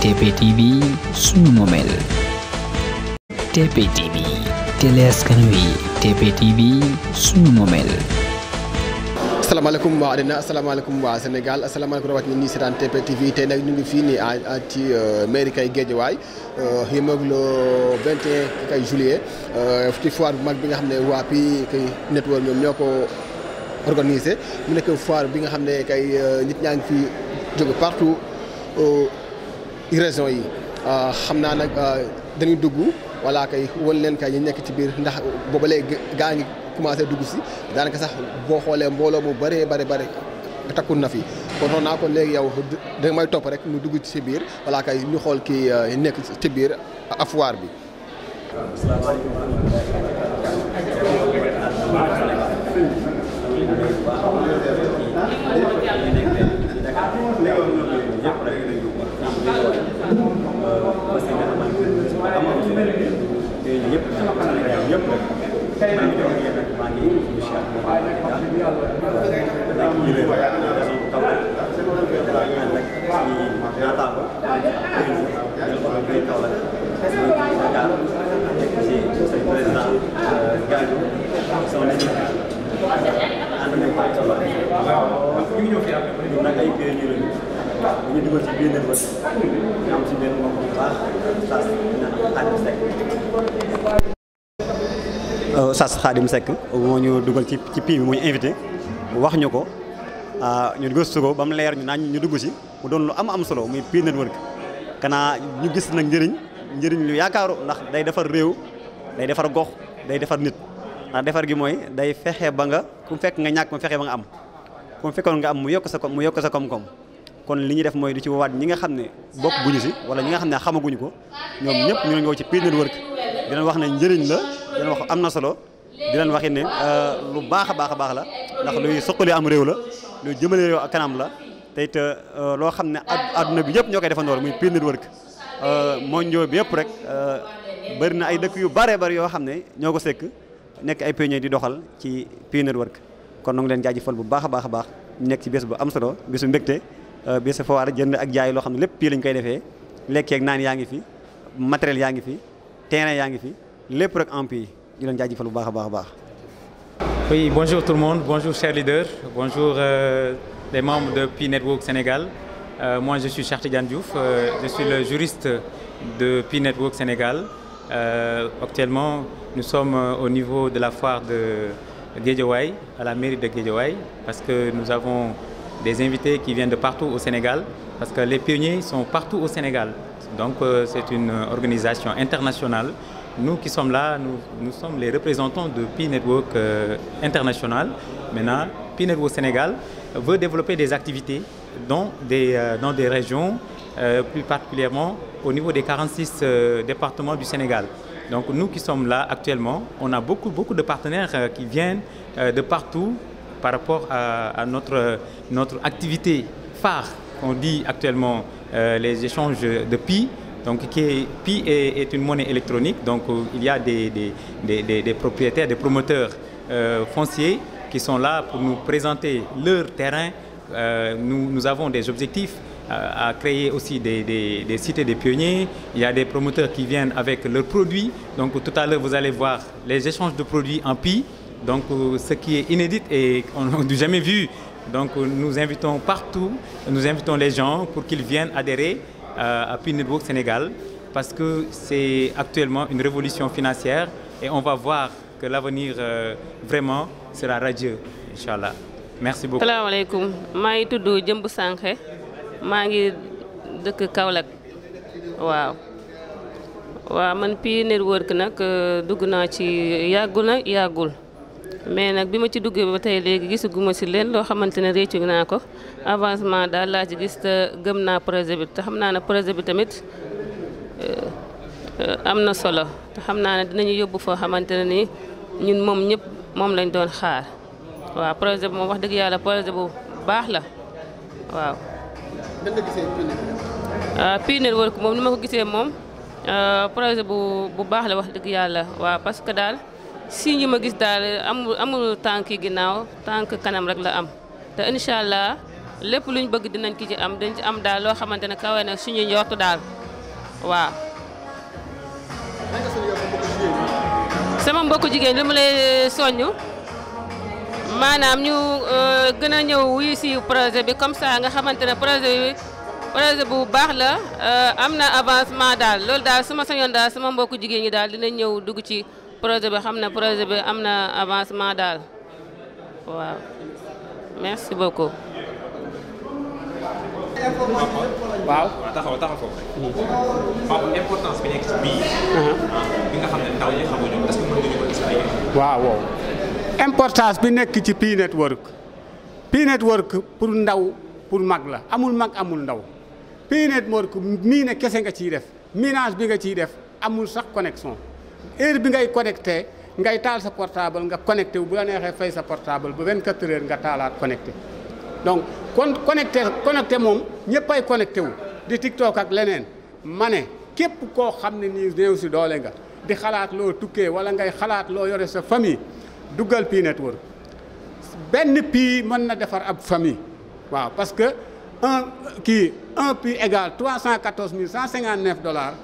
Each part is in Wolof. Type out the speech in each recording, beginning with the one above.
TP TV suñu momeel TP TV télé askan wi TP waa àddina asalaamaaleykum waa Sénégal asalaamaaleykum rawatina seetaan TP TV tey nag ñu ngi fii nii ci euh, mairie kay Guédiawaye yéemeeg euh, le 21 kay juillet euh, ci foire bu mag bi nga xam ne waa pi kay network ñoom ñoo ko organisé mu nekk foire bi nga xam ne kay nit ñaa ngi fi jóge partout raison yi euh, xam naa nag euh, dañuy dugg wala kay wan leen kay ñu nekk ci biir ndax booba léegi gaa ngi commencé dugg si daanaka sax boo xoolee mbooloo mu bëree bëri bare takkul na fi kon naa ko léegi yow da may topp rek mu dugg ci biir wala kay ñu xool ki euh, nekk ci biir afuwaar bi. يجب يبلغ من الحرية الإيمانية Thank you. Jadi dua sibin dan buat enam sibin mengubah sas Khadim Sek. Eh, sas Khadim Sek moo ñu dugal ci ci pii bi moo ñu invité ñu ko ah, ñu gëstu leer ñu naan ñu dugg si mu doon lu am am solo muy pii work, kana ñu gis nag njëriñ njëriñ lu yaakaaru ndax day defar réew day defar gox day defar nit ndax defar gi mooy day fexe ba nga ku fekk nga ñàkk mu fexe ba nga am ku fekkoon nga am mu yokk sa mu yokk sa koom-koom kon li ñuy def mooy di ci woowaat ñi nga xam ne bokk guñu si wala ñi nga xam ne xamaguñu ko ñoom ñëpp ñu ngi woo ci Pire Network di leen wax na njëriñ la di leen wax am na solo di leen waxit ne euh, lu baax a baax a baax la ndax luy soqali am réew la luy jëmale réew ak kanam la te it euh, loo xam ne àdduna bi yëpp ñoo koy defandoor muy Pire Network euh, monjo bi yëpp rek bëri na ay dëkk yu bare bari yoo xam ne ñoo ko sekk nekk ay pionnier di doxal ci Pire Network kon nu ngi leen jaajëfal bu baax a baax a baax nekk ci bés bu am solo bésu Euh, bi sa fowaar jënd ak jaay lo xam lepp lépp lañ koy défé lekk ak naan yaangi fi matériel yaangi fi terrain yaangi fi lepp rek en pays ñu lañ jaajëfal bu baax a baax a baax. oui bonjour tout le monde bonjour chers leaders bonjour euh, les membres de Pi Network Sénégal euh, moi je suis Cheikh Tidiane Diouf euh, je suis le juriste de Pi Network Sénégal euh, actuellement nous sommes au niveau de la foire de Guédiawaye à la mairie de Guédiawaye parce que nous avons des invités qui viennent de partout au Sénégal, parce que les pionniers sont partout au Sénégal. Donc euh, c'est une organisation internationale. Nous qui sommes là, nous, nous sommes les représentants de pi network euh, International. Maintenant, Pi network Sénégal veut développer des activités dans des, euh, dans des régions, plus particulièrement au niveau des 46 départements du Sénégal. Donc nous qui sommes là actuellement, on a beaucoup, beaucoup de partenaires qui viennent de partout par rapport à, notre, notre activité phare on dit actuellement euh, les échanges de Pi. Donc qui Pi est, une monnaie électronique, donc euh, il y a des, des, propriétaires, des promoteurs euh, fonciers qui sont là pour nous présenter leur terrain. nous, nous avons des objectifs à créer aussi des, des, cités des pionniers. Il y a des promoteurs qui viennent avec leurs produits. Donc tout à l'heure, vous allez voir les échanges de produits en PI. Donc euh, ce qui est inédit et on n'a jamais vu. Donc euh, nous invitons partout, nous invitons les gens pour qu'ils viennent adhérer euh, à Pinebourg Sénégal parce que c'est actuellement une révolution financière et on va voir que l'avenir vraiment sera radieux, Inch'Allah. Merci beaucoup. Salam mais nag bi ma ci duggee ba tey léegi gisuguma si leen loo xamante ne réccu naa ko avancement daal laa ci gis te gëm naa projet bi te xam naa ne projet bi tamit euh, euh, am na solo te xam naa ne dinañu yóbbu foo xamante ne ni ñun moom ñëpp moom lañ doon xaar waaw projet bi moom wax dëgg yàlla projet bu baax la waaw. nan ah, gisee moom ni euh, projet bu bu baax la wax dëgg yàlla waa parce que daal. si ñi ma gis daal amul amul tànk ginnaaw tànk kanam rek la am te incha allah lépp luñ bëgg dinañ ki ci am dañ ci am daal loo xamante ne kawe na suñu njort daal waaw. sama mbokku jigéen li ma lay eh, soññ maanaam ñu eh, gën a ñëw wuyu si projet bi comme saa nga xamante ne projet bi projet bu baax la eh, am na avancement daal loolu daal suma ma sañoon daal sama mbokku jigéen ñi daal dinañ ñëw dugg ci. projet bi xam ne projet bi am na avancement daal waaw merci beaucoup. taxaw taxaw foofu hmm. importance bi nekk ci biir. Hmm. bi nga Pi Network Pi Network pour ndaw pour mag la amul mag amul ndaw Pi Network mii ne kese nga ciy def minage bi nga ciy def amul sax connexion. heure bi ngay connecté ngay taal sa portable nga connecté wu bu la neexee fay sa portable ba 24 heures nga taalaat connecté donc kon connecté connecté moom ñëpp ay connecté wu di TikTok ak leneen ma ne képp koo xam ne nii néew si doole nga di xalaat loo tukkee wala ngay xalaat loo yore sa famille duggal Pi Network benn pii mën na defar ab famille waaw parce que un kii un pii égal 314 159 dollars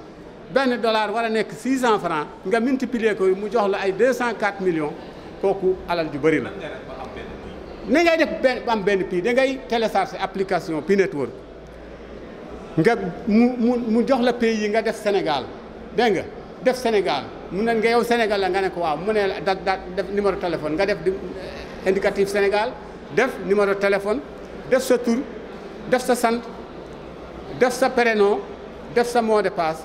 ben dollar wala nek 600 francs nga multiplier ko mu jox la ay 204 millions kooku alal ju bari la. ni ngay def Ben, am ben prix da ngay télécharger application Pi Network nga mu mu jox la pays yi nga def Sénégal Ben, nga def Sénégal mu ne nga yow Sénégal la nga ne ko waaw mu ne def numéro téléphone nga def eh, indicatif Sénégal def numéro téléphone def sa tour. def sa sant def sa prénom def sa mot de passe.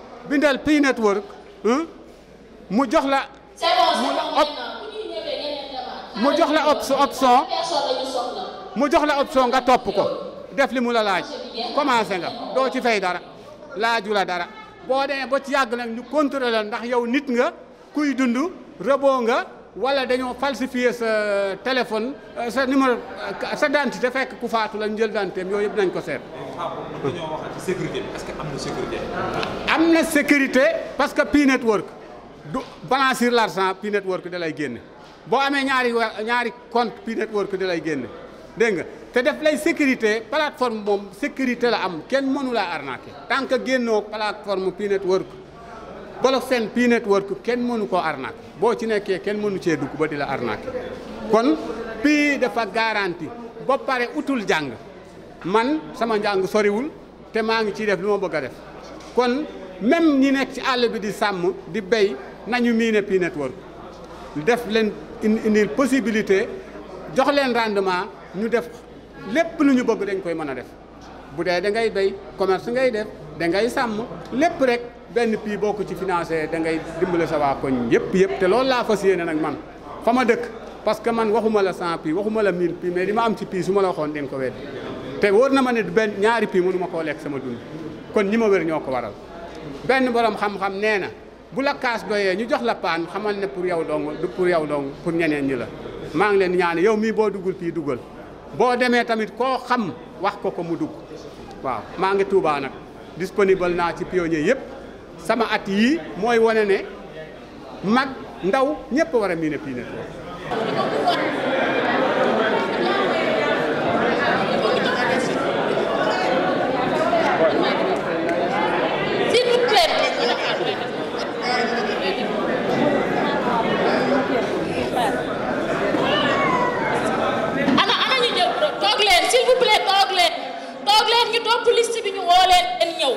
bindal Pi Network mu jox la. mu jox la option mu jox la option nga topp ko def li mu la laaj commencé nga doo ci fay dara laaj laaju la dara boo demee boo ci yàgg na ñu contrôler ndax yow nit nga kuy dund rëboo nga. wala dañoo falsifier sa euh, téléphone euh, sa numéro euh, sa dentité fekk ku faatu lañ jël dentité yooyu yëpp nañ ko seet. sécurité est-ce que am na sécurité. parce que Pi Network du blanchir l'argent Pi Network da lay génne boo amee ñaari ñaari compte Pi Network da lay génne dégg nga te def lay sécurité plateforme moom sécurité la am kenn mënu laa arnaqué tant que génnoo plateforme Pi Network. Colobane Pi Network kenn mënu koo arnaque boo ci nekkee kenn mënu cee dugg ba di la arnaque kon Pi dafa garanti ba pare utul jàng man sama njàng soriwul te maa ngi ciy def li ma bëgg a def kon même ñi nekk ci àll bi di sàmm di béy nañu miine Pi Network def leen indil possibilité jox leen rendement ñu def lépp lu ñu bëgg dañ koy mën a def bu dee da ngay béy commerce ngay def dangay sàmm lépp rek. benn pii boo ko ci financé da ngay dimbale sa waa koñ yëpp yëpp te loolu laa fa yéene nag man fa ma dëkk parce que man waxuma la cent pii waxuma la mille pii mais li ma am ci pii su ma la ko wedd te wóor na ma ne benn ñaari pii munu ma koo lekk sama dund kon ñi ma wér ñoo ko waral benn borom xam-xam nee na bu la kaas doyee ñu jox la paan xamal ne pour yow dong du pour yow dong pour ñeneen ñi la maa ngi leen ñaan yow mii boo duggul fii dugal boo demee tamit koo xam wax ko ko mu dugg waaw maa ngi Tuubaa nag disponible naa ci pionnier yëpp sama at yii mooy wane ne mag ndaw ñëpp war a miin a Pi Network toog leen ñu topp liste bi ñu woo leen ñëw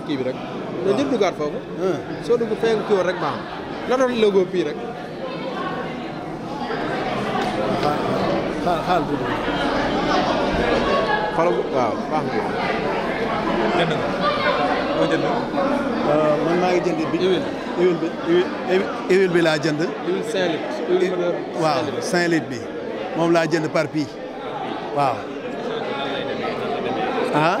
kii bi rek. waaw ah. loolu ñëpp duggaat foofu. Ah. soo dugg fee kii woon rek baax la doon logo bii rek. xaal xaal bi xaal waaw baax na. jënd nga boo jënd. Euh, man maa ngi jënd bi. huile huile bi huile bi laa jënd. huile 5 litres. waaw 5 litres bi moom laa jënd par pii waaw. ah.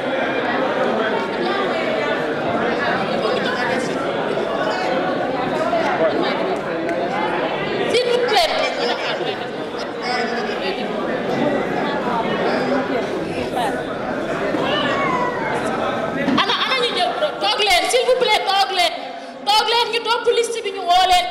ñu topp liste bi ñu woo leen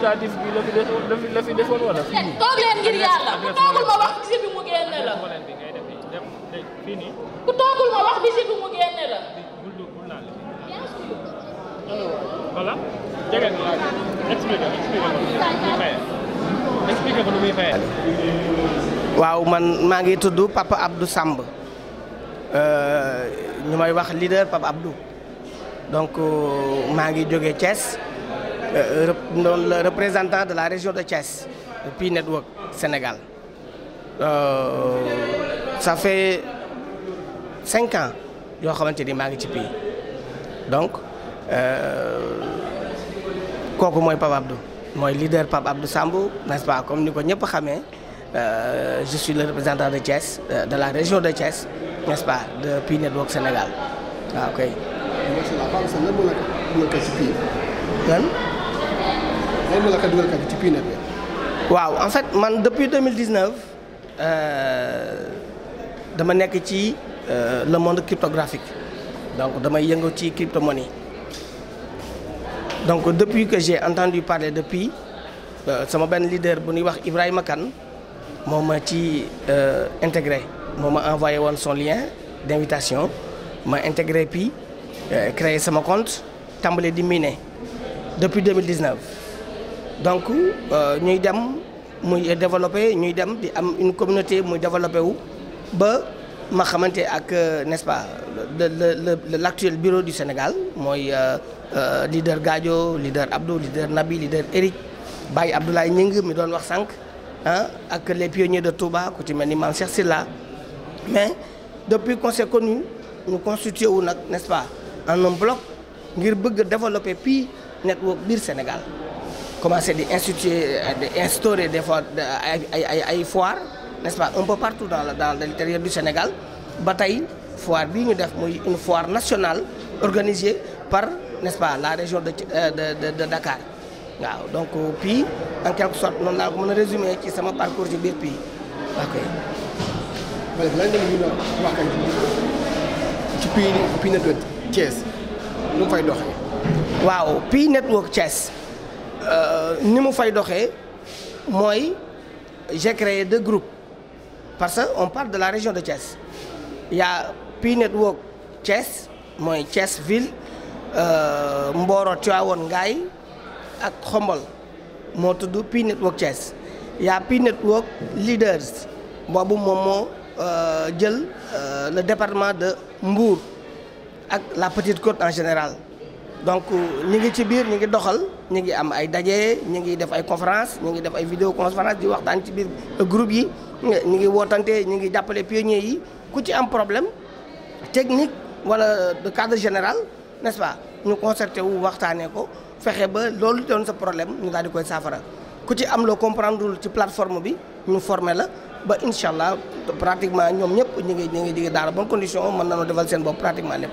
législatif bi la fi defoon la fi la wala. fii toog ngir yàlla ku ma wax bi mu la. ku ma wax bi mu la. waaw man maa ngi tudd Papa Abdou Samb ñu wax leader Papa Abdou donc maa ngi jóge Thiès. Euh, le représentant de la région de Thiès, le P Network Sénégal. Euh, ça fait cinq ans que je ni maa ngi ci quoi donc moi euh, mooy Pape Abdou le leader Pape Abdou Sambou, n'est-ce pas comme nous connaissons ñëpp euh, je suis le représentant de Thiès euh, de la région de Thiès n'est-ce pas de Pi Network Sénégal waaw ah, Wow, en fait depuis 2019 euh, dama suis euh, le monde cryptographique donc suis crypto-monnaie donc depuis que j'ai entendu parler depuis Pi, le euh, leader Ibrahim ma intégré ma envoyé son lien d'invitation ma intégré puis créé mon compte je depuis 2019 donc nous euh, dem muy développé nous avons une communauté muy développé wu ba ma euh, n'est-ce pas l'actuel bureau du Sénégal le euh, leader Gadio leader Abdou leader Nabi leader Eric Baye Abdoulaye Ning, mi doon wax sànq hein, les pionniers de Touba qui m'ont dit, ni mais depuis qu'on s'est connu nous constitué n'est-ce pas un bloc ngir bëgg développer puis network du Sénégal commencé di instituer euh, instaurer des fois foires n'est-ce pas un peu partout dans dans l'intérieur du Sénégal ba foire bii ñu def une foire nationale organisée par n'est-ce pas la région de euh, de de Dakar waaw donc euh, puis en quelque sorte noonu laa ko a résumer ci sama parcours ci biir ok. Mais lan nga tu a ci PII network Chess nous faisons fay doxee. waaw network Chess euh, ni mu fay doxé moy j'ai créé deux groupes parce qu'on parle de la région de Thiès y a p Network Thiès moi Thiès ville euh, Mboro Tivaouane gaï ak Khombol. moo du P Network Thiès y a p Network Leaders qui Momo, euh, euh, le département de Mbour et la Petite Côte en général donc ñi ngi ci biir ñi ngi doxal ñi ngi am ay daje ñi ngi def ay conférence ñi ngi def ay vidéo conférence di waxtaan ci biir groupe yi ñi ngi wootante ñi ngi jàppale pionniers yi ku ci am problème technique wala de cadre général n'est-ce pas ñu concerté wu waxtaanee ko fexe ba loolu doon sa problème ñu daal di koy saafara ku ci am loo comprendre ci plateforme bi ñu formé la ba incha allah pratiquement ñoom ñëpp ñu ngi ñu ngi digg daal bonne condition mën nañoo seen bopp pratiquement lépp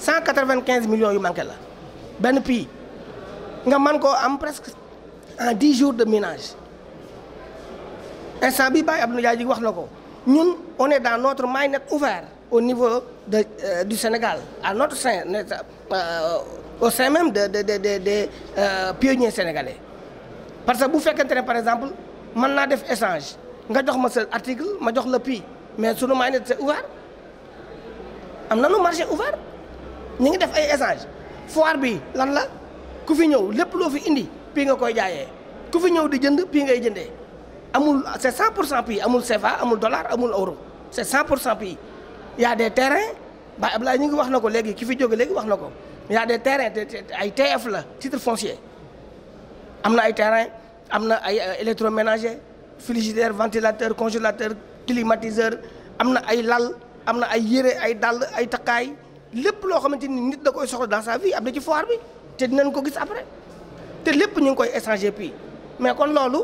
195 millions yu manqué la Ben pays nga presque 10 jours de ménage Et bi Abdou on est dans notre mindset ouvert au niveau euh, du Sénégal à notre euh, euh, au sein même des pionniers sénégalais parce que vous faites un terrain, par exemple mën des def échange Je jox ma un article ma jox le prix mais sunu mindset c'est ouvert am a un marché ouvert. ñu ngi def ay échange foire bi lan la ku fi ñëw lépp loo fi indi pii nga koy jaayee ku fi ñëw di jënd prix ngay jëndee amul c'est cent pour cent prix amul CFA amul dollar amul euro c'est cent pour cent prix y a des ba Baye Ablaye ñu ngi wax na ko léegi ki fi jóge léegi wax na ko y a des terrains ay TF la titre foncier am na ay terrains am na ay euh, électroménager frigidaire ventilateur congélateur climatiseur am na ay lal am na ay yére ay dàll ay takkaay lépp loo xamante ni nit da koy soxla dans sa vie am na ci foire bi te dinañ ko gis après te lépp ñu ngi koy échanger pi mais kon loolu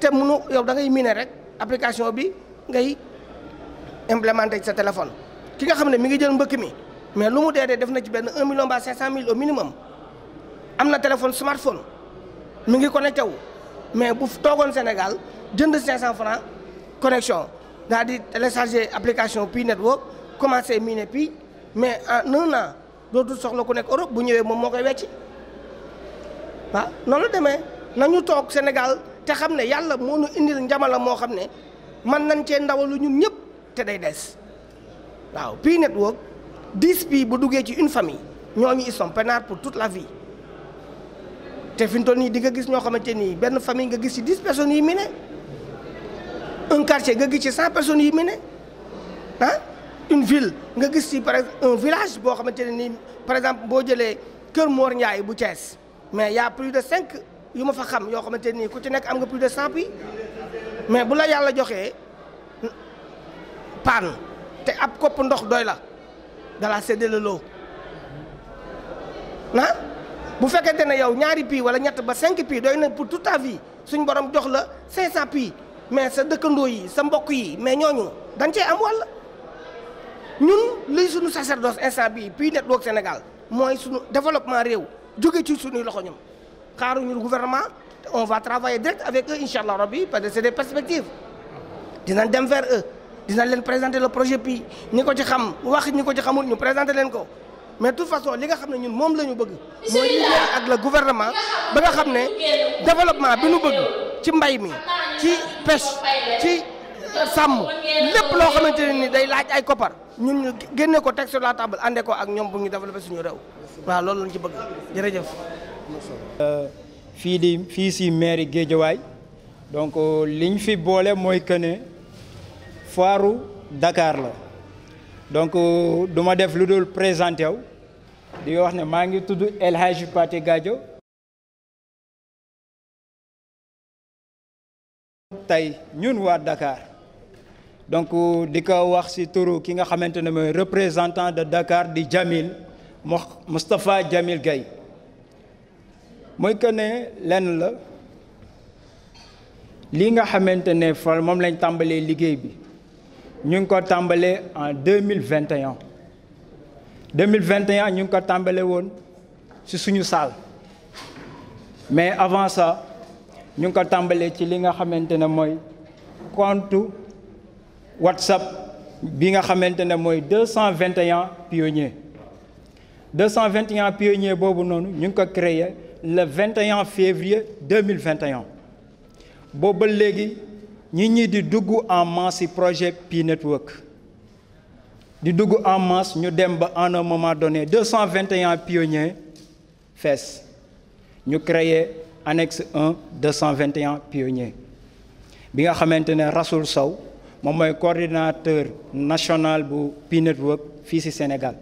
te munu yow da ngay miner rek application bi ngay implémenter ci sa téléphone. ki nga xam ne mu ngi jël mbëkk mi mais lu mu dee dee def na ci benn 1 million ba 500000 au minimum am na téléphone smartphone mu ngi connecté wu mais bu toogoon Sénégal jënd 500 francs connexion daa di télécharger application Pi Network commencé miner Pi. mais en un an dootul soxla ku nekk Europe bu ñëwee moom moo koy wecci waaw noonu la demee ñu toog Sénégal te xam ne yàlla moo nu indil njamala moo xam ne man nañ cee ndawalu ñun ñëpp te day des waaw Pi Network dix Pi bu duggee ci une famille ñoo ils sont peinards pour tout la vie te fi mu toll nii di nga gis ñoo xamante nii benn famille nga gis ci dix personnes yi mu ne un quartier ci cent personnes yi mu ne une ville nga village, par exemple un village par exemple y' a plus de 5 yu fa xam yo ku ci plus de 100 mais bu la yalla te ap kopp ndox doy la dala le na bu ne yow ñaari pieds, wala ba doy na pour toute ta vie suñ borom jox la 500 c'est mais sa de yi sa mbokk yi mais tu dañ nous, les sacerdoce network Sénégal développement gouvernement on va travailler direct avec eux Inch'Allah rabbi parce que c'est des perspectives dinañ dem vers eux dinañ leen présenter le projet puis mais de toute façon le gouvernement développement pêche sàmm lépp loo xamante day laaj ay koppar ñun ñu génne ko teg sur la table ànde ko ak ñoom bu ñu développé suñu réew waaw loolu lañ ci bëgg jërëjëf. Euh, fii di fii si mairie Guédiawaye donc euh, liñ fi boole mooy que ne foiru Dakar la donc euh, duma def lu dul présenté wu di wax ne maa ngi tudd El Hadj Pathé tey ñun waa Dakar Donc, je suis le représentant de Dakar, de Djamil, Mustafa Djamil Gay. Je connais l'un de Ce que je suis le représentant de que nous avons tambalé en 2021. 2021, nous avons tambalé sur une salle. Mais avant ça, nous avons tambalé sur ce que je WhatsApp, qui est 221 pionniers. 221 pionniers, bobu nonu, nous avons créé le 21 février 2021. Bobu nous avons du en projet Pi Network. Du dougou en masse, nous avons en un moment donné 221 pionniers, fess. Nous avons créé annexe 1, 221 pionniers. Bien que maintenant, Rasoul Sow, moom coordinateur national bu Pi Network fii ci Sénégal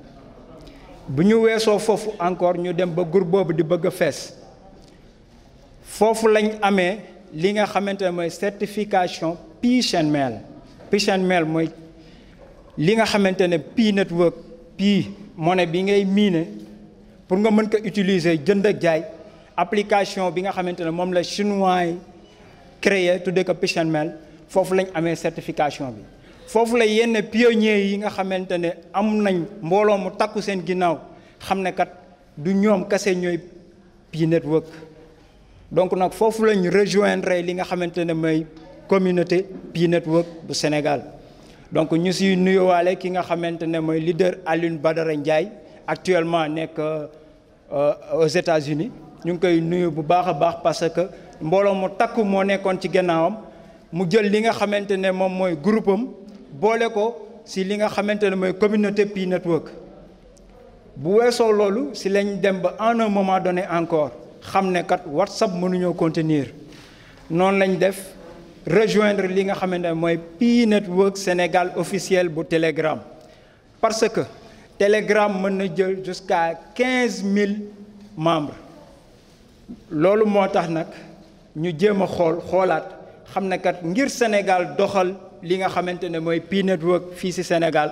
bu ñu weesoo foofu encore ñu dem ba groupe boobu di bëgg a fees foofu lañ amee li nga xamante ne certification Pi Chainmail e Pi Chainmail e mooy li nga xamante ne Pi Network Pi monnaie bi ngay miine pour nga mën ko utiliser jënd ak jaay application bi nga xamante ne moom la chinois yi créé tuddee ko Pi Mail. E foofu lañ une certification bi la yenn pionniers yi nga am nañ mu takku Pi Network donc nous lañ rejoindre li communauté Pi Network bu Sénégal donc ñu ki nga leader Aline Badara actuellement euh, aux États-Unis ñu sommes koy parce que mbolo mu takku mo ci mu jël li nga xamantene ne moom mooy groupe ko si li nga xamantene moy communauté Pi Network bu wesso lolou si lañ dem ba en un moment donné encore xamné kat WhatsApp mënuñoo contenir Non lañ def rejoindre li nga xamantene moy Pi Network Sénégal officiel bu Telegram parce que Telegram mën na jël jusqu'à 15000 membres lolou motax nak ñu jema xol xolat xamne kat ngir Sénégal doxal li nga xamantene moy mooy Pi Network fi ci Sénégal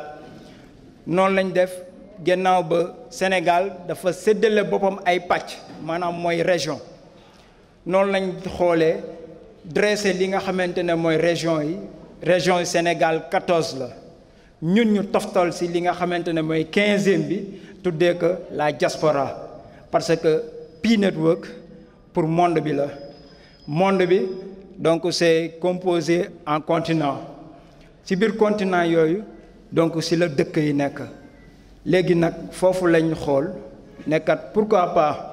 non lañ def gennaw ba Sénégal dafa séddale bopam ay patch manam moy région non lañ xolé dressé li nga xamantene moy mooy région yi région yi Sénégal 14 la ñun ñu toftal ci li nga xamantene moy 15e bi tuddee que la diaspora parce que Pi Network pour monde bi la monde bi donc c'est composé en continent ci bir continent yoyu, donc si le dëkk yi nek légui nak fofu lañ xol nekkat pourquoi pas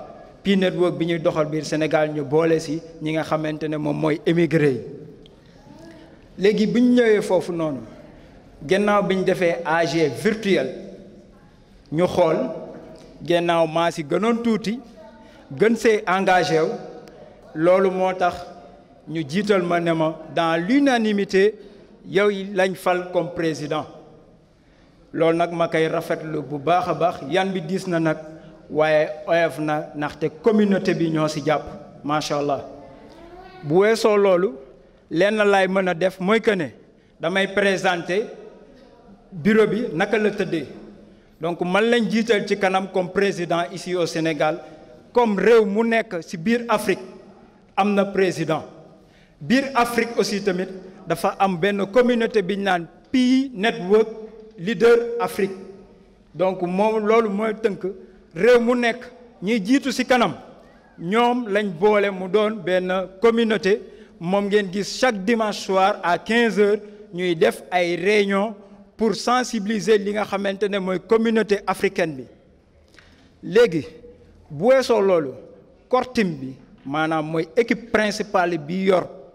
Pi Network bi ñuy doxal bir Sénégal ñu bolé si ñi nga xamantene mom moy émigré légui buñ ñëwé fofu non. gennaw noonu défé AG virtuel ñu xol gennaw ma si gënon touti gën engagé wu ñu jiital ma ne dans l'unanimité yow lañ fal comme président loolu nag ma rafet rafetlu bu baax a baax bi diis na nag waaye oyof na ndaxte communauté bi ñoo ci jàpp macha allah bu weesoo loolu lenn lay mëna def moy que né damay présenter bureau bi naka la teudé donc man lañ jital ci kanam comme président ici au Sénégal comme rew mu nekk ci biir Afrique amna président Bir Afrique aussi tamit dafa communauté qui P.I. Network Leader Afrique donc mom moy teunk rew mu nek ñi ci communauté ngeen chaque dimanche soir à 15 h ñuy def ay réunion pour sensibiliser li nga communauté africaine bi équipe principale bi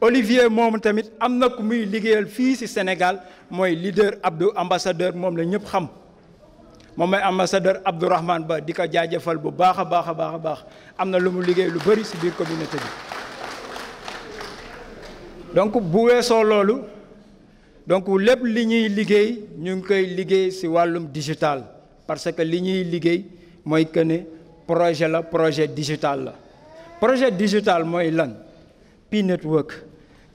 Olivier Mom tamit amna na ku muy liggéeyal fii ci Sénégal moy leader Abdou ambassadeur mom la ñëpp xam mom mooy ambassadeur Rahman Ba dika jaajeufal bu baaxa baaxa baaxa baax amna baax am lu mu liggéey lu bëri ci biir communauté bi donc bu wéso lolu donc lepp li ñuy ñu ngi koy liggéey ci walum digital parce que li ñuy liggéey mooy que né projet la projet digital la projet digital moy lan Pi Network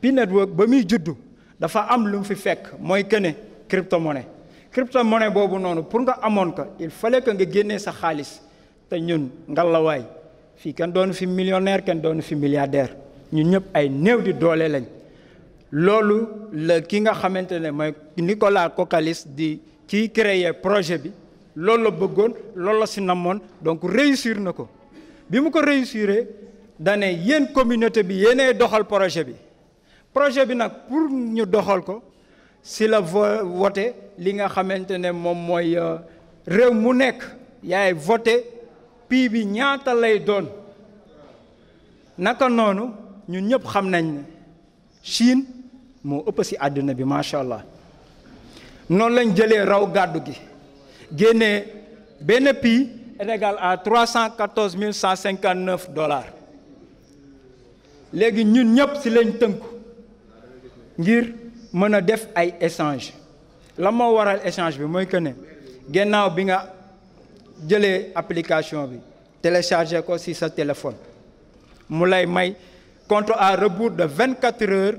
Pi Network ba muy juddu dafa am lu mu fi fekk mooy que ne cryptomonnaie cryptomonnaie boobu noonu pour nga amoon ko il fallait que nga génnee sa xaalis te ñun ngalawaay fii kenn doonu fi millionnaire kenn doonu fi milliardaire ñun ñëpp ay néew di doole lañ loolu la ki nga xamante ne mooy Nicolas Kokalis di ci créer projet bi loolu la bëggoon loolu la si namoon donc réussir na ko bi mu ko réussir dane yéen communauté bi yéenay doxal projet bi projet bi nag pour ñu doxal ko si la voté li nga xamante ne moom mooy euh, réew mu nekk yaay voté pii bi ñaata lay doon naka noonu ñun ñëpp xam nañ ne Chine moo ëpp si àddina bi macha allah noonu lañ jëlee raw gàddu gi génnee benn pii égal à trois cent quatorze mille cent cinquante neuf dollars léegi ñun ñëpp si lañ tënku. ngir mën def ay échange la mo waral échange bi moy que ne gennaw bi nga jëlee application bi télécharger ko ci sa téléphone mu lay may compte à rebours de 24 heures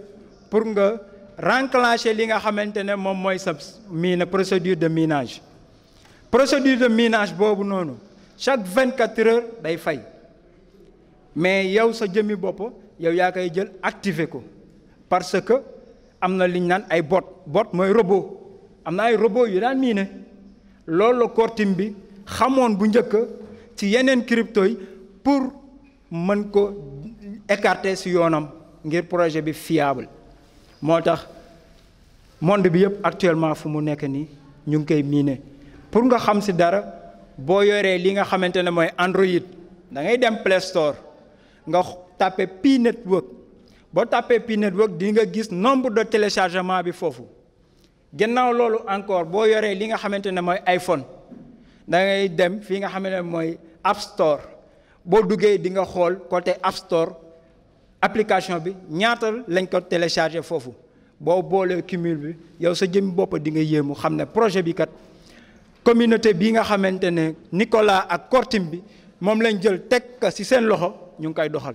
pour nga renclencher li nga xamantene mom moy sa mine procédure de minage procédure de minage bobu noonu chaque 24 heures day fay mais yow sa jëmi bop yow ya kay jël activer ko parce que am na liñ naan ay bot bot mooy robot am na ay robot yu daan miine loolu la core bi xamoon bu njëkk ci yeneen crypto yi pour mën ko écarter si yoonam ngir projet bi fiable moo tax monde bi yëpp actuellement fu mu nekk nii ñu ngi koy miine pour nga xam si dara boo yoree li nga xamante ne mooy Android da ngay dem Play Store nga tàppe Pi Network boo tàppee Pi Network di nga gis nombre de téléchargement bi foofu gannaaw loolu encore bo yoré li nga xamantene moy iPhone da ngay dem fi nga xamantene moy App Store bo duggé di nga xol côté App Store application bi ñaatal lañ ko téléchargé foofu bo boolee cumul bi yow sa jëm bop di nga yému xamné projet bi kat communauté bi nga xamantene ne Nicolas ak Cortim bi mom lañ jël tek ci seen loxo ñu ngi koy doxal.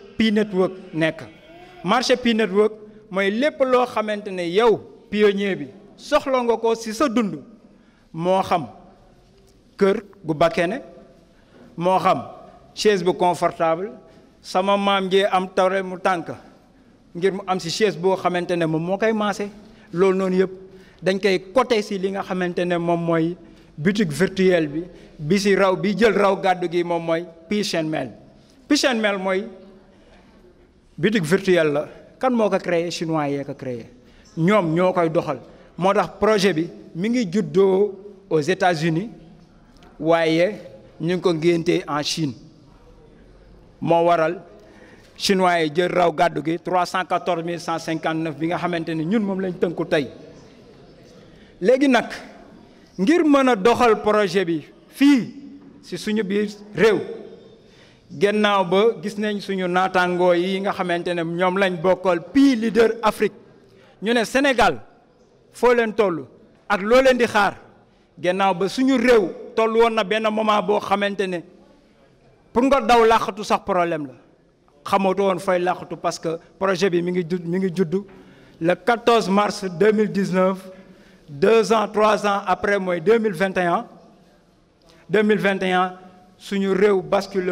Pi Network nekk marché Pi Network mooy lépp loo xamante ne yow pionnier bi soxla nga ko ci sa dund moo xam kër gu bakkene moo xam chaise bu confortable sama maam jee am tawre mu tànk ngir mu am ci chaise boo xamante ne moom moo koy maase loolu noonu yëpp dañ koy coté ci li nga xamante ne moom mooy boutique virtuelle bi bi ci raw bi jël raw gàddu gi moom mooy Pi Chaîne Mail mooy boutique virtuelle la kan moo ko créé chinois yee ko créé ñoom ñoo koy doxal moo tax projet bi mi ngi juddoo aux États-Unis waaye ñu ngi ko génte en Chine moo waral chinois yi jël raw gàddu gi trois cent quatorze mille cent cinquante neuf bi nga xamante ni ñun moom lañ tënku tey léegi nag ngir mën a doxal projet bi fii si suñu biir réew gannaaw ba gis nañ suñu yi nga xamante ne lañ leader Afrique ñu ne Sénégal foo leen toll ak loo leen di xaar gannaaw ba suñu na benn moment ne pour nga daw làqatu sax problème la parce que projet bi mi le 14 mars 2019 deux ans trois ans après mooy 2021 2021 suñu réew basculé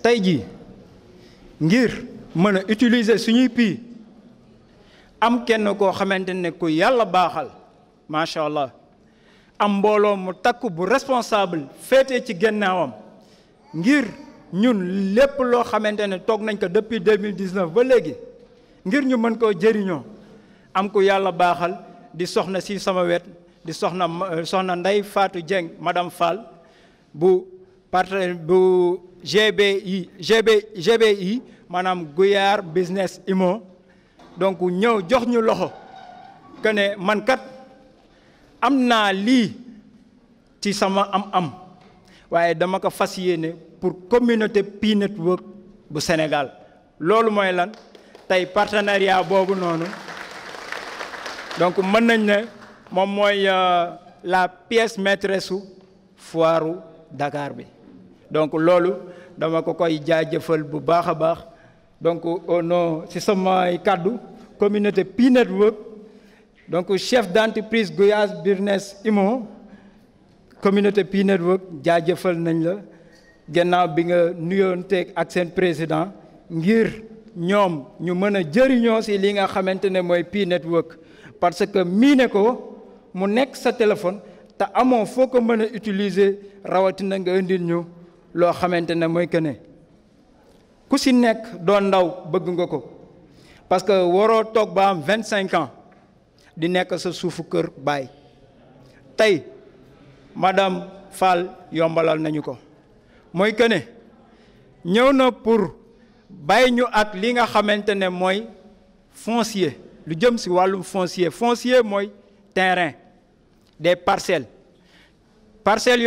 tey ngir mën utiliser suñuy pi am kenn ko xamantene ne yalla baxal baaxal macha allah am mbooloo mu takku bu responsable fété ci gennawam ngir ñun lepp lo xamantene tok nañ ko depuis 2019 ba légui ngir ñu mën ko jëriñoo am ko yalla baxal di soxna si sama wet di soxna soxna nday Fatou Dieng madame Fall bu partenaire bu. GBI GB GBI Madame Guyaar business IMO donc ñëw jox ñu loxo que ne man kat am naa lii ci sama am-am waaye dama ko pour communauté Pi Network bu Sénégal loolu mooy lan tay partenariat bobu Non. donc meun nañ ne mom moy euh, la pièce maîtresse su foiru Dakar bi donc loolu dama ko koy jaajëfal bu baax a baax donc au nom ci samay kàddu communauté Pi Network donc chef d'entreprise Goyas Business Imo communauté Pi Network jaajëfal nañ la gennaw bi nga nuyoonteeg ak sen président ngir ñom ñu mën a jëriñoo ci li nga xamantene moy Pi Network parce que miine ko mu nekk sa téléphone t'a amon foo ko mën a utiliser rawatina nga andil ñu que ne parce que woro ba ans di nekk sa suufu kër madame Fal yombalal nañu ko mooy que pour bàyyi ñu ak li ne foncier lu jëm si wàllum foncier foncier mooy terrain des parcelles parcelles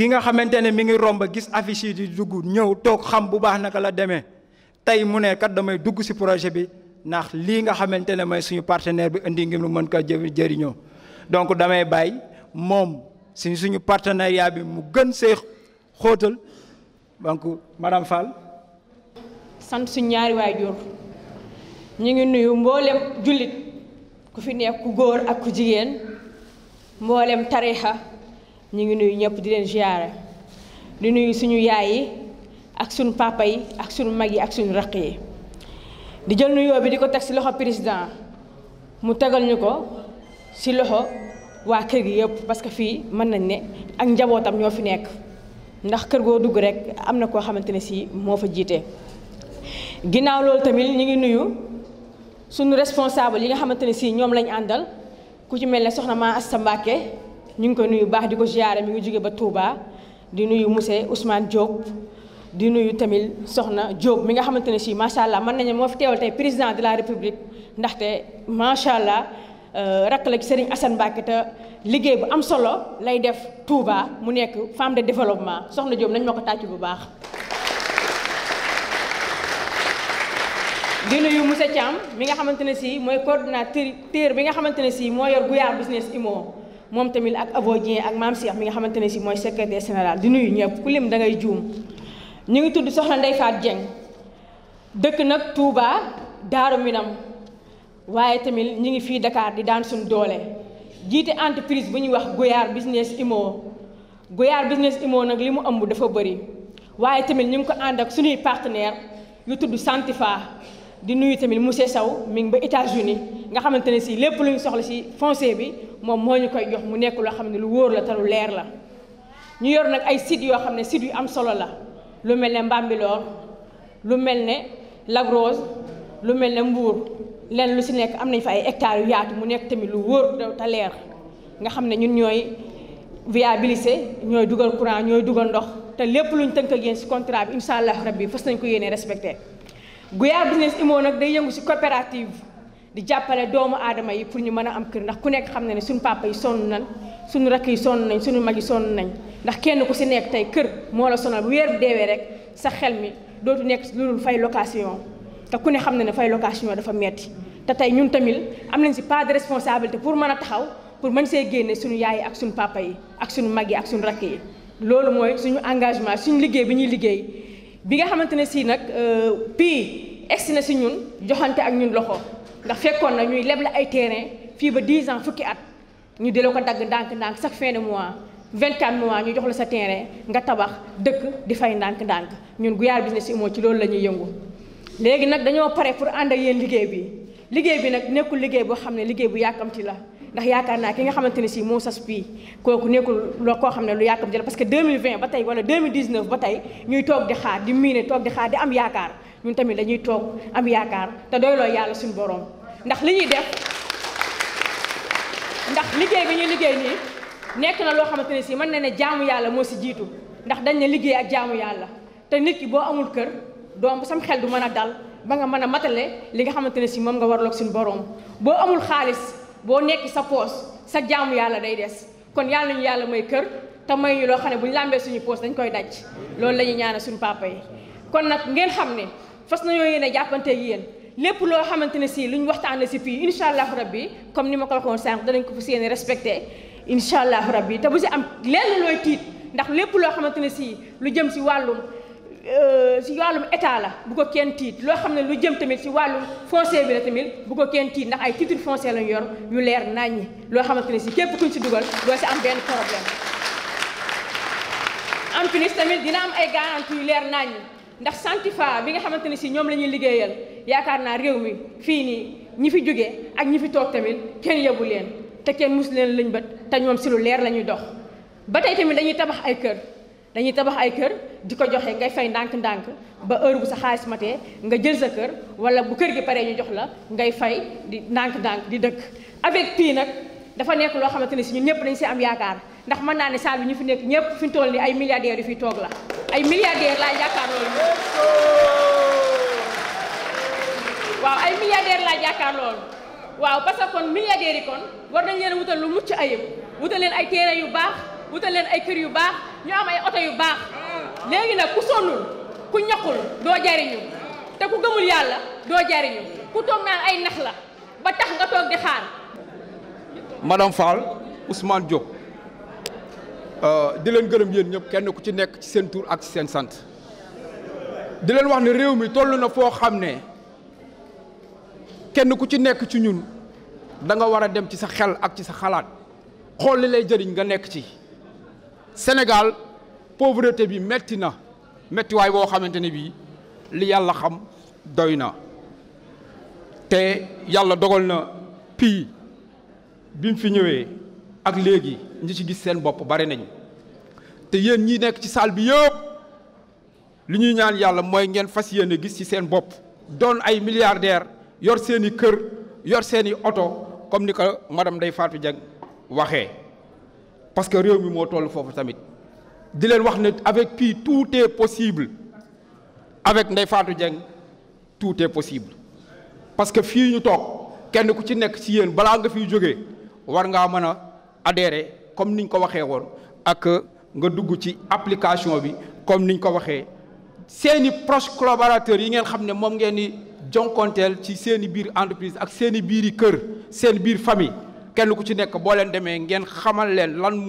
ki nga xamante ne mi ngi romb a gis affiche yi di dugg ñëw toog xam bu baax naka la demee tey mu ne kat damay dugg si projet bi ndax lii nga xamante ne mooy suñu partenaire bi indi ngir mu mën ko jariñoo donc damay bàyyi moom si suñu partenariat bi mu gën see xóotal donc madame Fall. sant suñ ñaari waajur ñu ngi nuyu mboolem jullit ku fi nekk ku góor ak ku jigéen mboolem tarixa ñu ngi nuyu ñëpp di leen ziyaare di nuyu suñu yaay yi ak suñu papa yi ak suñu mag yi ak suñu raq yi di jël nuyoo bi di ko teg ci loxo président mu tegal ñu ko ci loxo waa kër gi yëpp parce que fii mën nañ ne ak njabootam ñoo fi nekk ndax kër goo dugg rek am na koo xamante ne si moo fa jiite. ginnaaw loolu tamit ñu ngi nuyu suñu responsable yi nga xamante ne si ñoom lañu àndal ku ci mel ne soxna maa Asta Mbàkke ñu ngi koy nuyu baax di ko ziyaare mu ngi jóge ba Touba di nuyu monsieur Ousmane Diop di nuyu tamit soxna Diop mi nga xamante ne si macha allah mën nañu moo fi teewal tey président de la république ndaxte macha allah euh, rakk la ci Serigne Assane Mbacké te liggéey bu am solo lay def Touba mu nekk femme de développement soxna Diop nañ ma ko tàcc bu baax. di nuyu monsieur Thiam mi nga xamante ne si mooy coordonnateur bi nga xamante ne si moo yor Guyar business Imo. moom tamit ak Abo Dieng ak maam Cheikh mi nga xamante ne si mooy secrétaire général di nuyu ñëpp ku lim dangay ngay juum ñu ngi tudd soxla Ndeye Fatou Dieng dëkk nag Touba Daaru Minam waaye tamit ñu ngi fii Dakar di daan suñu doole jiite entreprise bu ñuy wax Goyar business imo Goyar business imo nag li mu ëmb dafa bëri waaye tamit ñu ngi ko ànd ak suñuy partenaire yu tudd Santifa di nuyu tamit monsieur Sow mi ngi ba États-Unis nga xamante ne si lépp lu ñu soxla si foncier bi mom moñu koy jox mu nek lo xamne lu wóor la te lu leer la ñu yor nak ay site yo xamne site yu am solo la lu melne mbambi lor lu melne ne Rose lu melne Mbour len lu ci nek am nañ fa ay hectare yu yaatu mu nek tamit lu wóor ta leer nga xamne ñun ñoy viabiliser ñoy duggal courant ñoy duggal ndox te lépp luñu teunk ak yéen ci contrat bi inshallah rabbi fess nañ ko yene respecter guyar business imo nak day yëngu ci coopérative. di jàppale doomu aadama yi pour ñu mën a am kër ndax ku nekk xam ne ne suñu papa yi sonn nañ suñu rakk yi sonn nañ suñu mag yi sonn nañ ndax kenn ku si nekk tey kër moo la sonal bu weer deewee rek sax xel mi dootu nekk lu dul fay location te ku ne xam na ne fay location dafa metti te tey ñun tamit am nañ si pas de responsabilité pour mën a taxaw pour mën see génne suñu yaay yi ak suñu papa yi ak suñu mag yi ak suñu rakk yi loolu mooy suñu engagement suñu liggéey bi ñuy liggéey bi nga xamante ne si nag euh, pii egsi na si ñun joxante ak ñun loxo ndax fekkoon na ñuy leble ay terrain fii ba 10 ans fukki at ñu di la ko dagg ndànk-ndànk chaque fin de mois 24 mois ñu jox la sa terrain nga tabax dëkk di fay ndànk-ndànk ñun Guyar Business Immo ci loolu la ñuy yëngu. léegi nag dañoo pare pour ànd ak yéen liggéey bi liggéey bi nag nekkul liggéey boo xam ne liggéey bu yàkkamti la ndax yaakaar naa ki nga xamante ne si moo sa bii kooku nekkul loo koo xam ne lu yàkkamti la parce que 2020 ba tey wala 2019 ba tey ñuy toog di xaar di miine toog di di am yaakaar. ñun tamit dañuy toog am yaakaar te doyloo yàlla suñu borom ndax li ñuy def ndax liggéey bi ñuy liggéey nii nekk na loo xamante ne si mën na ne jaamu yàlla moo si jiitu ndax dañ ne liggéey ak jaamu yàlla te nit ki boo amul kër doom sam xel du mën a dal ba nga mën a matale li nga xamante ne si moom nga warloog suñu borom boo amul xaalis boo nekk sa poos sa jaamu yàlla day des kon yàlla nañu yàlla may kër te may loo xam ne bu ñu làmbee suñu poos dañ koy daj loolu la ñuy suñu papa yi fas nañoo yéene jàppante yéen lépp loo xamante ne si lu ñu waxtaanee si fii incha allahu rabbi comme ni ma ko waxoon sànq danañ ko fas yéene respecté incha allahu rabbi te bu si am lenn looy tiit ndax lépp loo xamante ne si lu jëm si wàllum euh, si wàllum état la bu ko kenn tiit loo xam ne lu jëm tamit si wàllum foncier bi la tamit bu ko kenn tiit ndax ay titre foncier lañu yor yu leer naññi loo xamante ne si képp kuñ si dugal doo si am benn problème am plus tamit dina am ay garantie yu leer naññi. ndax santifa bi nga xamanteni ni si ñoom la liggéeyal yaakaar naa réew mi fi ni ñi fi joggé ak ñi fi tok tamit kenn yebu leen té kenn musul leen lañ bët té ñom si lu leer lañuy dox ba tay tamit dañuy tabax ay kër dañuy tabax ay kër di joxé ngay fay dank, ndànk ba heure bu sa xaalis maté nga jël sa kër wala bu kër gi paré ñu jox la ngay fay di ndànk-ndànk di dëkk avec pi nak dafa nek lo xamanteni si ñëpp dañ ci am yaakaar ndax man na ni saal bi ñu fi nek ñepp fi ñu ay milliardaires yu fi tok la ay milliardaires la jàkkaarloo loolu waaw ay milliardaires la jàkkaar loolu waaw parce que kon milliardaires yi kon war nañ leen wutal lu mucc ayeb wutal leen ay terrain yu baax wutal leen ay keur yu baax ñu am ay auto yu baax legui nak ku sonnul ku ñakul do jariñu te ku gëmul yalla do jariñu ku tok naan ay nax la ba tax nga tok di xaar madame Fall Ousmane Diop Euh, di leen gërëm yéen ñëpp kenn ku ci nekk ci seen tur ak seen sant di leen wax ne réew mi toll na foo xam ne kenn ku ci nekk ci ñun da nga war a dem ci sa xel ak ci sa xalaat xool li lay jëriñ nga nekk ci Sénégal pauvreté bi metti na mettiwaay boo xamante ne bii li yàlla xam doy na te yàlla dogal na pii bi mu fi ñëwee ak léegi ñi ci gis seen bopp bari nañu te yéen ñi nekk ci salle bi yëpp li ñuy ñaan yàlla mooy ngeen fas yéene gis ci seen bopp doon ay milliardaire yor seen i kër yor seen i oto comme ni ko madame Ndeye faatu Dieng waxee parce que réew mi moo toll foofu tamit di leen wax ne avec PI tout possible avec nday faatu Dieng tout est possible parce que fii ñu toog kenn ku ci nekk ci yéen balaa nga fiy jógee war ngaa mën adhérer comme niñ ko waxé ak nga dugg ci application bi comme niñ ko proche collaborateur, yi ngeen xamné mom ngeen ci seeni biir entreprise ak seeni kër seen biir famille kenn ku ci nek bo xamal lan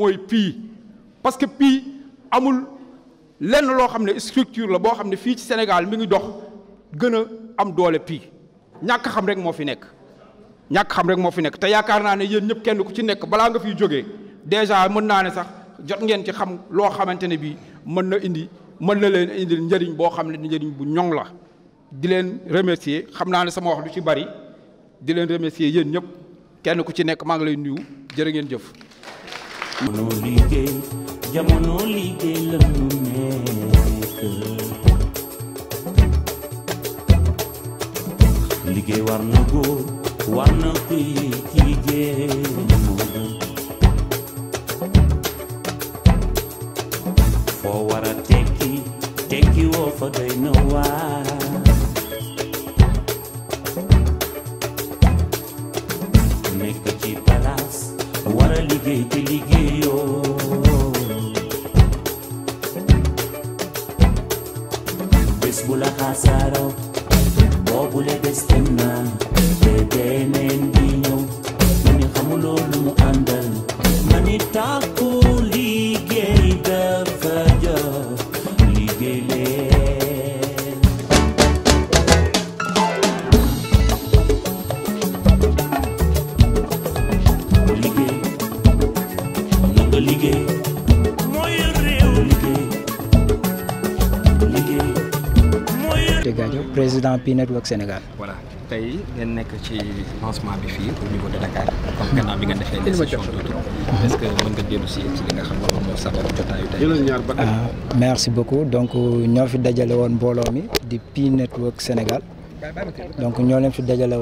parce que pi amul len lo xamné structure la bo xamné fi ci Sénégal mi ngi dox gëna a am doole pi ñàkk xam rek fi ñàkk xam rek moo fi nekk te yaakaar naa ne yéen ñëpp kenn ku ci nekk balaa nga fiy jógee dèjà mën naa ne sax jot ngeen ci xam loo xamante ne bii mën na indi mën na leen indil njëriñ boo xam ne njëriñ bu ñoŋ la di leen remercier xam naa ne sama wax lu ci bari di leen remercier yéen ñëpp kenn ku ci nekk maa ngi lay nuyu jërë ngeen jëf. jamono liggéey jamono liggéey la ñu nekk liggéey war na góor One of pity game. For what I take you, take you off, they know why. Make a cheap palace, what a ligate, ligate, oh. Bismillah, Hasaro obule bestemnam bebenendiñow mani xamulolu mu àndal mani tàkku P Network Sénégal. voilà Tay, vous êtes ci lancement bi au niveau de Dakar. comme gannaaw bi nga defee décision tuuti. est-ce que vous nga dellu dire ci li nga xam ne moom sabab jotaayu ah, merci beaucoup donc nous fi dajale woon mbooloo mi di Network Sénégal. donc nous leen fi dajale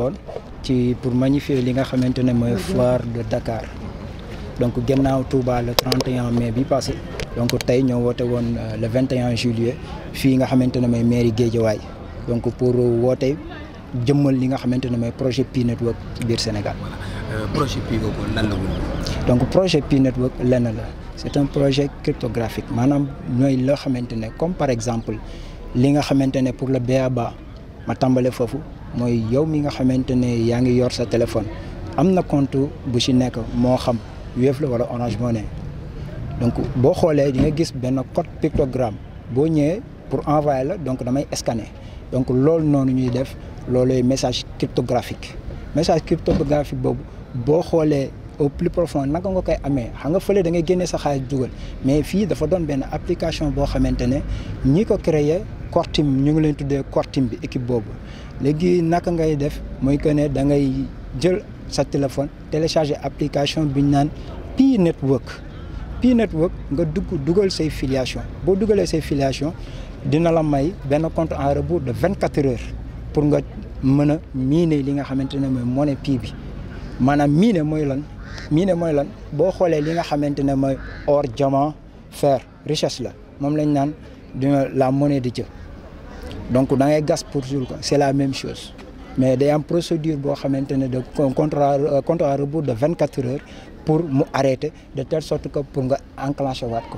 ci pour magnifier li nga xamante ne mooy foire de Dakar donc gannaaw Touba le 31 mai bi passé donc tey ñoo woote woon euh, le 21 juillet fii nga xamante ne mooy mairie Guédiawaye donc pour woote jëmmal li nga xamante moy projet Pi Network biir Sénégal. Euh, projet Pi Network lan la donc projet Pi Network lenn la c'est un projet cryptographique manam noy lo xamante comme par exemple li nga xamante pour le BABA ma tambalé fofu moy yow mi nga xamante ne yaa ngi yor sa téléphone amna compte bu ci nek mo xam Wave la wala Orange Money donc bo xolé di nga gis ben code pictogramme bo ñëwee pour envoyer la donc damay scanner donc lol non ñuy def looluy message cryptographique message cryptographique boobu boo xoolee au plus profond naka nga koy amee xam nga fële da ngay sa xaalis google mais fi dafa doon ben application boo xamante ni ñi ko créé Cortim ñu ngi leen tuddee Cortim bi équipe bob léegi naka ngay def mooy que ne da ngay jël sa téléphone télécharger application bi ñu Pi Network Pi Network nga dugg dugal say filiation bo dugalee say filiation dina la may benn compte en rebours de 24 heures pour nga mën a miine li nga xamante ne mooy monnaie pi bi maanaam miine mooy lan miine mooy lan boo xoolee li nga xamante ne mooy or diamant fer richesse la moom lañ naan dina la monnaie de Dieu donc da ngay gas pour jour ko c'est la même chose mais day am procédure boo xamante ne de euh, compte compte à rebours de 24 heures pour mu arrêter de telle sorte que pour nga enclencher waat ko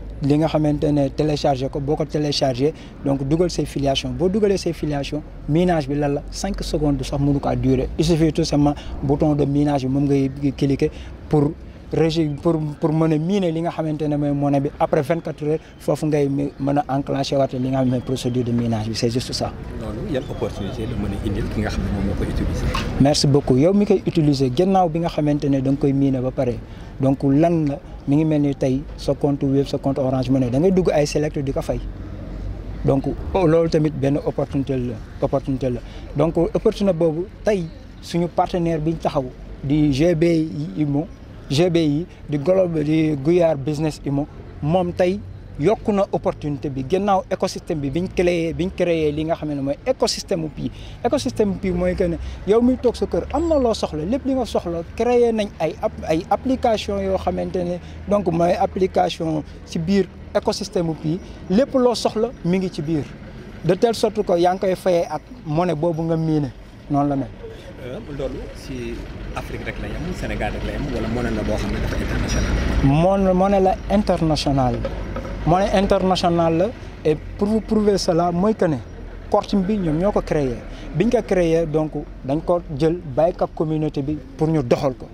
li nga xamantene télécharger téléchargé ko boko télécharger téléchargé donc dougal ces filiation bo dougalé ces filiation minage bi lan la cinq secondes sax mënu ko durer il suffit tout simplement bouton de minage bi ngay cliquer pour régi pour pour mën a li nga xamantene moy moné bi après vingt quatre heures fofu ngay mën enclencher enclenché li nga xam procédure de minage bi juste ça. noonu yan opportunité la mën a indil ki nga xam ne moom utiliser. merci beaucoup yow mi koy utiliser gennaw bi nga xamantene dang koy miiner ba paré donc lan la. mi ngi mel ni tey sa compte Wave sa compte Orange Money da ngay dugg ay select di ko fay donc oh, loolu tamit benn opportunité la opportunité la donc opportunité boobu tey suñu partenaire biñ taxaw di GBI IMO GBI di Global di Guyaar Business IMO moom tey yokk na opportunité bi gannaaw écosystème bi biñ créé biñ créé li nga xam moy écosystème bi écosystème bi moy que ne yow muy tok sa kër am na loo soxla lépp li nga soxla créé nañ ay ay application yo xamantene donc moy application ci biir écosystème bi lepp lo soxla mi ngi ci biir de telle sorte que yang koy fayé ak monnaie bobu nga miné non la mel. Euh, loolu ci Afrique rek la yem Sénégal rek la yem wala monnaie la bo xamné dafa international. monnaie la international. monnaie international et pour vous prouver cela moi que ne kortim bi ñoom ñoo créer, créé biñ ko créé donc dañ ko jël bàyyi communauté bi pour ñu doxal ko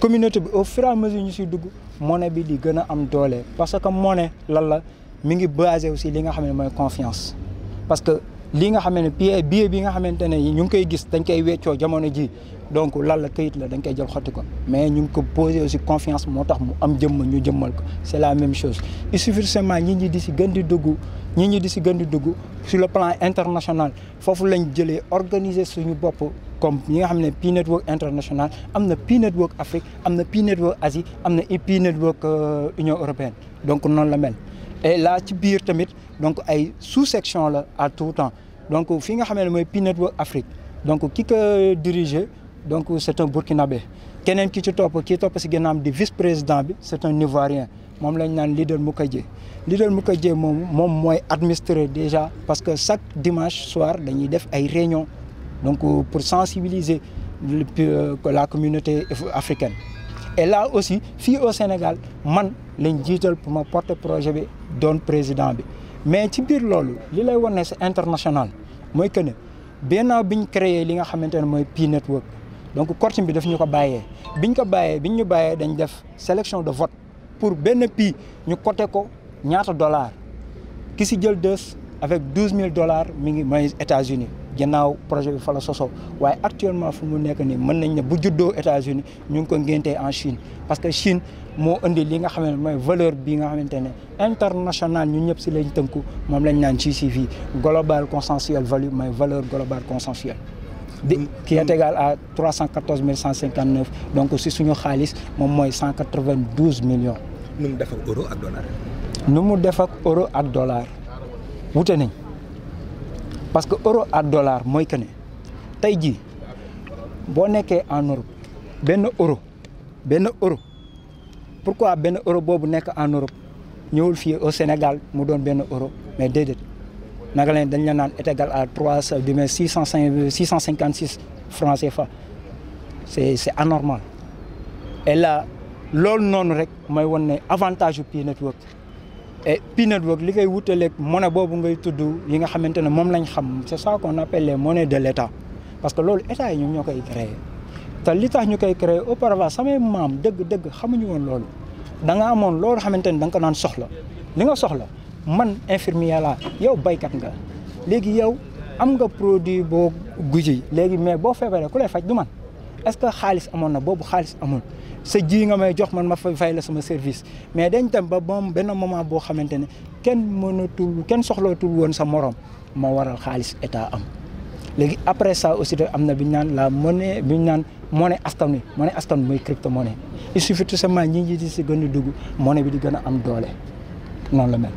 communauté bi au fur et à mesure ñu ci dugg monnaie bi di gëna am doolé parce que monnaie lan la mi ngi basé aussi li nga xamné moy confiance parce que li nga xamné ne billet bi nga xamné ne ñu ngi koy gis dañ koy wéccio jamono ji donc lan la kayit la dañ koy jël xoti ko mais ñu ko poser aussi confiance motax mu am jëm ñu jëmmal ko c'est la même chose il suffit seulement ñi ñi di ci gën duggu ñi ñi di ci gën duggu sur le plan international fofu lañ jëlé organiser suñu bop comme ñi nga xamné Pi Network international amna Pi Network Afrique amna Pi Network Asie amna na Pi Network euh, Union européenne donc non la mel et là ci biir tamit donc ay sous section à tout temps donc fi nga xamé moy mooy Network Afrique donc qui que diriger donc c'est un burkinabé Kenen ki ci top ki top ci ginnaam di vice président bi c'est un ivoirien Mom lañ nane leader Le leader de mom mom moy administrer déjà parce que chaque dimanche soir dañuy def ay réunion donc pour sensibiliser euh, la communauté africaine et là aussi fii au Sénégal man le leader pour ma porter projet Don président bi mais ci biir loolu li lay wan c'est international moy que ne bennaaw biñ créé li nga xamante moy p Network donc Cortim bi daf ñu ko bàyyee biñ ko bayé biñ ñu bayé dañ def sélection de vote pour benn Pi ñu coté ko ñaata dollars ki si jël deux avec 12 000 dollars mi ngi mooy États-Unis ginnaaw projet bi fa la sosoo waaye actuellement fu mu nekk nii mën nañ ne bu juddoo États-Unis ñu ngi ko ngéntee en Chine parce que Chine moo indi li nga valeur bi nga xamante international ñu ñëpp si lañ tënku moom lañ global consensuel value mooy valeur globale consensuelle di mm. qui est égal à 314 159. donc si suñu xaalis moom mooy 192 millions. Nous, mu def ak euro ak dollar. Nous, mu def ak euro à dollar Vous nañ parce que euro à dollar moi je ne tey jii boo en Europe ben euro ben euro pourquoi ben euro bobu nek en Europe ñewul fi au Sénégal mu doon ben euro mais déedéet naka dañ la naan est égal à trois du moins six cent cinquante six francs CFA c'est c'est anormal et là l'ol non rek may wonné avantage au Pi Network et Pi Network li koy wutaleeg monnaie bobu ngay tudd yi nga xamantene mom lañ xam c'est ça qu'on appelle les monnaies de l'État parce que l'ol, État yi ñokay créer te li tax ñu koy créer auparavant samay maam dëgg-dëgg xamuñu woon loolu da nga amoon loolu xamante ni da nga ko naan soxla li nga soxla man infirmier laa yow baykat nga léegi yow am nga produit boo guji léegi mais boo feebaree ku lay faj du man est-ce que xaalis amoon na boobu xaalis amul sa ji nga may jox man ma fay la sama service mais dañ dem ba moom benn moment boo xamante ne kenn mënatul kenn soxlootul woon sa moroom ma waral xaalis état am léegi après ça aussi amna biñ na la monnaie biñ ñu monnaie astami monnaie astan moy crypto monnaie il suffit tout simplement ñi ñi di si gën a dugg monnaie bi di gëna am doolé non la mel.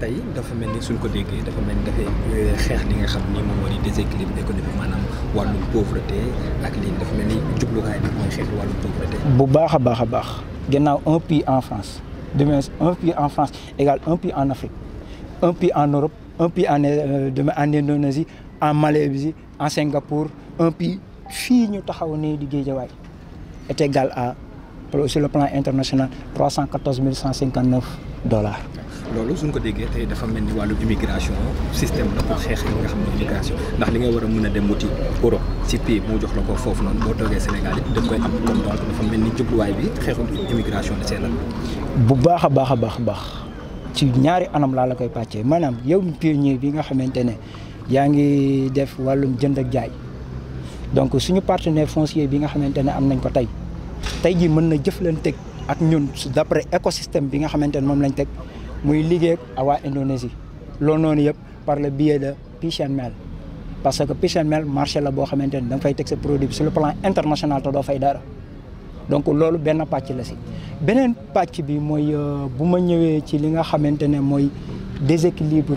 tay dafa melni suñ ko déggé dafa mel ni xex euh, xeex li nga xam ni moom moo déséquilibre économique manam wàllum pauvreté ak li dafa melni ni jublukaay bi moy xex wàllum pauvreté. bu baaxa baaxa baax gennaw un pays en France demain un pays en France égal un pays en Afrique un pays en Europe un pays en euh, en Indonésie. en Malaisie en Singapour un pi fii ñu taxaw nii di Guédiawaye est égal à sur le plan international trois cent quatorze mille cent cinquante neuf dollars. loolu suñ ko déggee tey dafa mel ni wàllu immigration système la pour xeex nga xam ne immigration ndax li nga war a mën a dem wuti Europe si pays mu jox la ko foofu noonu boo toogee Sénégal it da koy am comme donc dafa mel ni jubluwaay bi xeexul immigration la bu baax a baax a baax baax ci ñaari anam laa la koy pàccee maanaam yow pionnier bi nga xamante ne. yaa ngi def wàllum jënd ak jaay donc suñu partenaire foncier bi nga xamante ne am nañ ko tey tey jii mën na jëf jëflanteeg ak ñun d'après écosystème bi nga xamante ne moom lañ teg muy liggéey ak waa Indonésie loolu noonu yëpp par le biais de Pitch and Melt parce que Pitch and Melt marché la boo xamante ne da fay teg sa produit sur le plan international te doo fay dara donc loolu benn pàcc la si beneen pàcc bi mooy euh, bu ma ñëwee ci li nga xamante ne mooy déséquilibre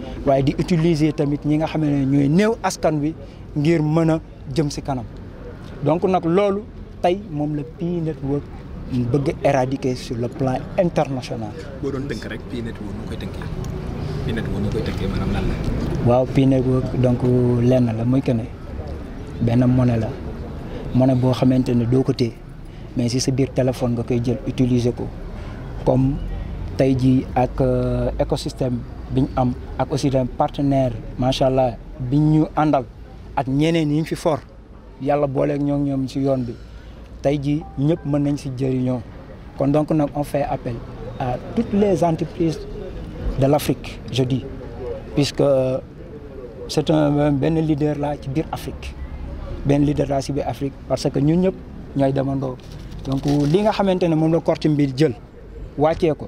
waye di utiliser tamit ñi nga xam ne ñooy néew askan wi ngir mëna a jëm ci kanam donc nak loolu tay mom le Pi Network bëgg éradiquer sur le plan international. bo doon tënk rek Pi Network ñu koy tënkee Pi Network ñu koy tënkee lan la. waaw Pi Network donc lenn la muy kené ben benn monnaie la monnaie bo xamante do ko té mais si sa biir téléphone nga koy jël utiliser ko comme tay ji ak euh, écosystème biñ am ak aussi tamit partenaire machallah allah biñ ñu àndal ak ñeneen ñi ñu fi for yàlla ak ñok ñom ci yoon bi tey jii mën nañ ci jëriño kon donc nak on fait appel à toutes les entreprises de l'Afrique je dis puisque euh, c'est un ben leader la ci biir Afrique ben leader la ci Afrique parce que ñun ñep ñoy demando donc li nga xamantene mom la kortim bi jël wàccee ko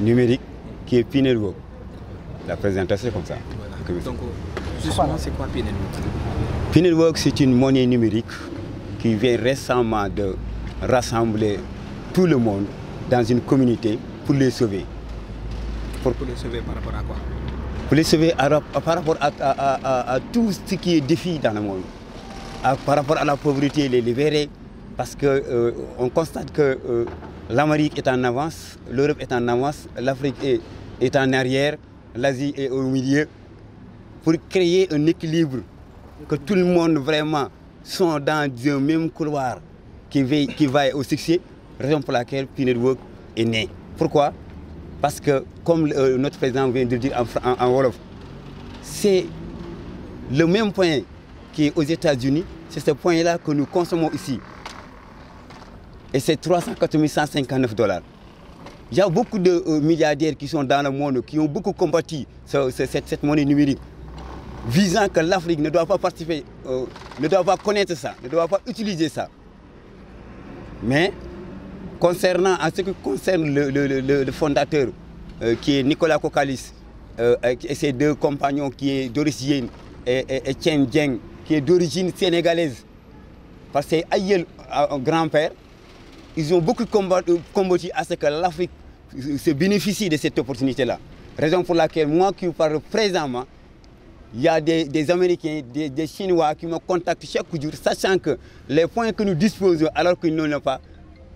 numérique qui est PINELWORK, La présentation est comme ça. Donc, justement, c'est quoi Pinel Walk c'est une monnaie numérique qui vient récemment de rassembler tout le monde dans une communauté pour les sauver. Pour, les sauver par rapport à quoi Pour les sauver par rapport à, tout ce qui est défi dans le monde. par rapport à la pauvreté, les libérer. Parce qu'on euh, constate que euh, L'Amérique est en avance, l'Europe est en avance, l'Afrique est, en arrière, l'Asie est au milieu, pour créer un équilibre, que tout le monde vraiment soit dans le même couloir qui, vaille au succès, raison pour laquelle P-Network est né. Pourquoi Parce que, comme euh, notre président vient de le dire en, en, Wolof, c'est le même point qui aux États-Unis, c'est ce point-là que nous consommons ici et c'est 304 dollars. Il y a beaucoup de euh, milliardaires qui sont dans le monde, qui ont beaucoup combattu cette, monnaie numérique, visant que l'Afrique ne doit pas participer, euh, ne doit pas connaître ça, ne doit pas utiliser ça. Mais concernant, en ce qui concerne le, fondateur, euh, qui est Nicolas Kokalis, et ses deux compagnons qui est Doris Yin et, Chen qui est d'origine sénégalaise, parce que c'est grand-père, ils ont beaucoup combattu euh, à ce que l'Afrique se bénéficie de cette opportunité-là. Raison pour laquelle moi qui vous parle présentement, il y a des, Américains, des, Chinois qui me contactent chaque jour, sachant que les points que nous disposons alors qu'ils n'en ont pas,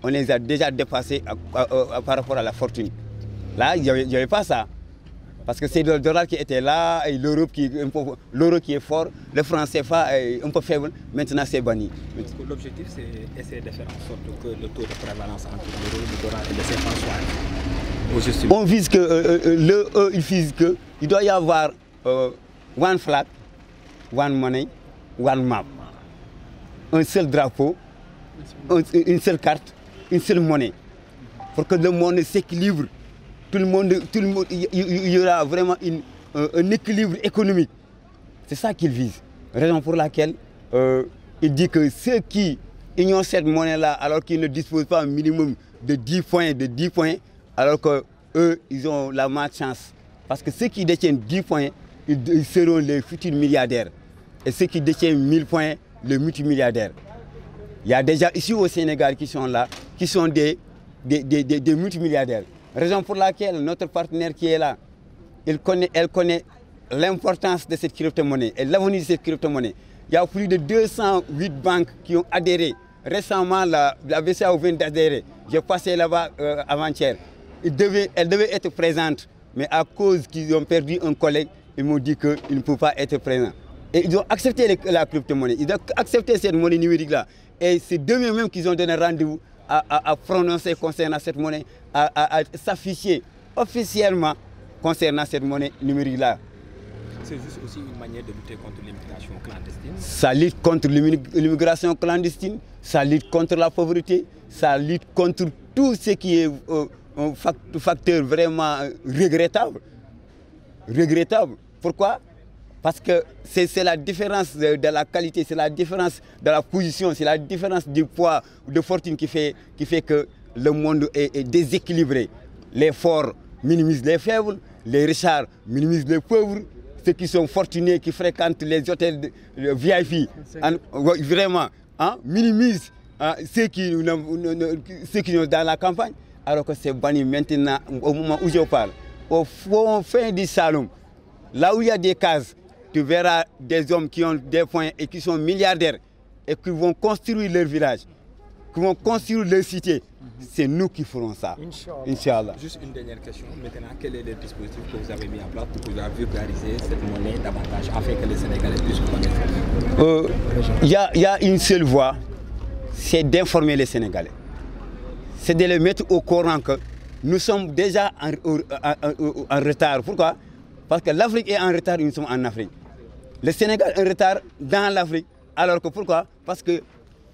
on les a déjà dépassés par rapport à la fortune. Là, il n'y avait, pas ça. Parce que c'est le dollar qui était là, l'euro qui, qui, est fort, le franc CFA est un peu faible, maintenant c'est banni. L'objectif c'est d'essayer de faire en sorte que le taux de prévalence entre l'euro, le dollar et le CFA soit On vise que euh, euh, euh, le E, il vise que il doit y avoir one flag, one money, one map. Un seul drapeau, une seule carte, une seule monnaie. Pour que le monde s'équilibre le monde, tout le monde, il y aura vraiment euh, un, équilibre économique. C'est ça qu'il vise. Raison pour laquelle euh, il dit que ceux qui ont cette monnaie-là, alors qu'ils ne disposent pas un minimum de 10 points, de 10 points, alors qu'eux, ils ont la malchance. Parce que ceux qui détiennent 10 points, ils, seront les futurs milliardaires. Et ceux qui détiennent 1000 points, les multimilliardaires. Il y a déjà ici au Sénégal qui sont là, qui sont des, des, des, des multimilliardaires. Raison pour laquelle notre partenaire qui est là, connaît, elle connaît l'importance de cette crypto-monnaie et l'avenir de cette crypto-monnaie. Il y a plus de 208 banques qui ont adhéré. Récemment, la, la BCAO vient d'adhérer. J'ai passé là-bas euh, avant-hier. elle devait être présente, mais à cause qu'ils ont perdu un collègue, ils m'ont dit qu'ils ne pouvaient pas être présents. Et ils ont accepté la crypto-monnaie, ils ont accepté cette monnaie numérique-là. Et c'est demain même qu'ils ont donné rendez-vous à, prononcer concernant cette monnaie, à, s'afficher officiellement concernant cette monnaie numérique-là. C'est juste aussi une manière de lutter contre l'immigration clandestine. Ça lutte contre l'immigration clandestine, ça lutte contre la pauvreté, ça lutte contre tout ce qui est euh, un facteur vraiment euh, regrettable. Regrettable. Pourquoi parce que c'est la différence de, la qualité, c'est la différence de la position, c'est la différence du poids, ou de fortune qui fait, qui fait que le monde est, déséquilibré. Les forts minimisent les faibles, les richards minimisent les pauvres, ceux qui sont fortunés, qui fréquentent les hôtels de, euh, VIP, vraiment, hein, minimisent hein, ceux, qui, sont dans la campagne, alors que c'est banni maintenant, au moment où je parle. Au fond, fin du salon, là où il y a des cases, tu verras des hommes qui ont des points et qui sont milliardaires et qui vont construire leur village, qui vont construire leur cité. Mhm. C'est nous qui ferons ça. Inch'Allah. Juste une dernière question. Maintenant, quel est le dispositif que vous avez mis en place pour pouvoir vulgariser cette monnaie davantage afin que les Sénégalais puissent connaître Il euh, y, a une seule voie, c'est d'informer les Sénégalais. C'est de les mettre au courant que nous sommes déjà en retard. Pourquoi Parce que l'Afrique est en retard, nous sommes en Afrique. Le Sénégal est en retard dans l'Afrique. Alors que pourquoi Parce que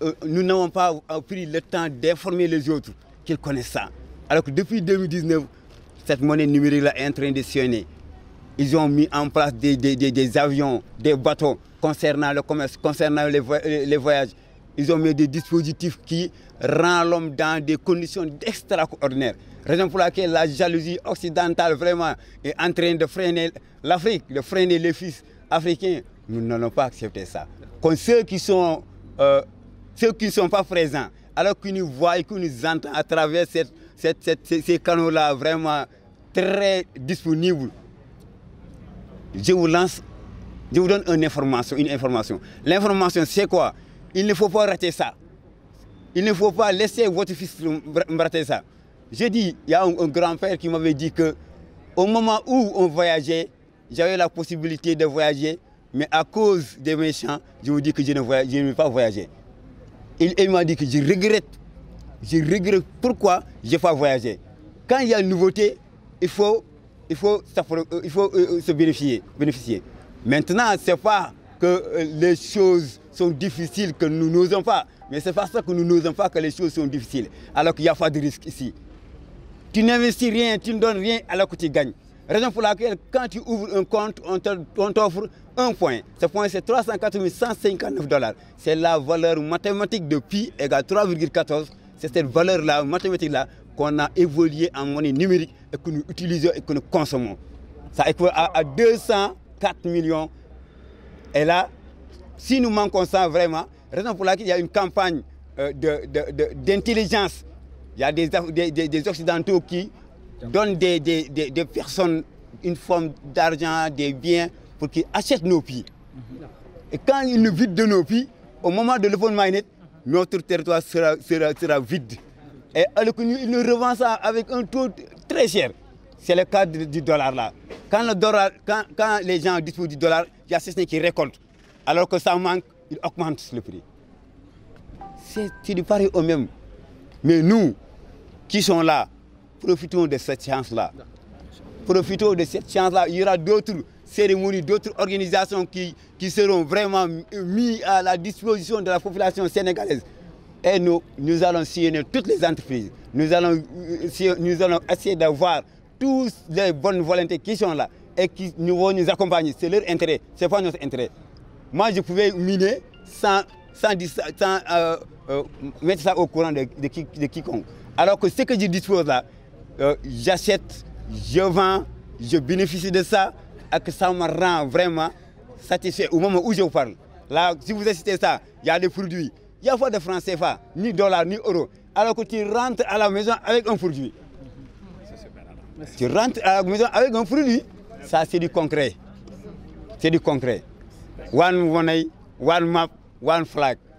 euh, nous n'avons pas pris le temps d'informer les autres qu'ils connaissent ça. Alors que depuis 2019, cette monnaie numérique-là est en train de sionner. Ils ont mis en place des, avions, des bateaux concernant le commerce, concernant les, voyages. Ils ont mis des dispositifs qui rendent l'homme dans des conditions extraordinaires. Raison pour laquelle la jalousie occidentale vraiment est en train de freiner l'Afrique, de freiner les fils africains, nous n'allons pas accepter ça. Comme ceux qui sont, euh, ceux qui ne sont pas présents, alors qu'ils nous voient et qu'ils nous entendent à travers cette, ces, canaux-là vraiment très disponibles, je vous lance, je vous donne une information. Une information. L'information, c'est quoi Il ne faut pas rater ça. Il ne faut pas laisser votre fils rater ça. J'ai dit, il y a un, grand-père qui m'avait dit que au moment où on voyageait, j'avais la possibilité de voyager, mais à cause des méchants, je vous dis que je ne, vais pas voyager. Il, m'a dit que je regrette. Je regrette pourquoi je n'ai pas voyagé. Quand il y a une nouveauté, il faut, il faut, euh, il faut euh, euh, se bénéficier, bénéficier. Maintenant, ce n'est pas que les choses sont difficiles que nous n'osons pas. Mais c'est ça que nous n'osons pas que les choses sont difficiles. Alors qu'il n'y a pas de risque ici. Tu n'investis rien, tu ne donnes rien alors que tu gagnes. Raison pour laquelle, quand tu ouvres un compte, on t'offre un point. Ce point, c'est 380 dollars. C'est la valeur mathématique de pi égale 3,14. C'est cette valeur-là, mathématique-là, qu'on a évolué en monnaie numérique et que nous utilisons et que nous consommons. Ça équivaut à, 204 millions. Et là, si nous manquons ça vraiment, raison pour laquelle il y a une campagne euh, d'intelligence. il y a des Occidentaux qui donne des, personnes une forme d'argent, des biens, pour qu'ils achètent nos pays. Et quand ils nous vident de nos pays, au moment de l'effondrement notre territoire sera, vide. Et alors nous, nous revendent ça avec un taux très cher. C'est le cas du dollar là. Quand, quand, les gens disposent du dollar, il y a ce qui récoltent. Alors que ça manque, ils augmentent le prix. C'est du pari au même. Mais nous, qui sommes là, Profitons de cette chance-là. Profitons de cette chance-là. Il y aura d'autres cérémonies, d'autres organisations qui, seront vraiment mises à la disposition de la population sénégalaise. Et nous, nous allons sillonner toutes les entreprises. Nous allons, euh, nous allons essayer d'avoir toutes les bonnes volontés qui sont là et qui nous vont nous accompagner. C'est leur intérêt, ce n'est pas notre intérêt. Moi, je pouvais miner sans, euh, euh, mettre ça au courant de, de quiconque. Alors que ce que je dispose là, euh, j'achète, je vends, je bénéficie de ça et que ça me rend vraiment satisfait au moment où je vous parle. Là, si vous achetez ça, il y a des produits. Il n'y a pas de francs CFA, ni dollars, ni euros. Alors que tu rentres à la maison avec un produit. Tu rentres à la maison avec un produit. Ça, c'est du concret. C'est du concret. One money, one map, one flag.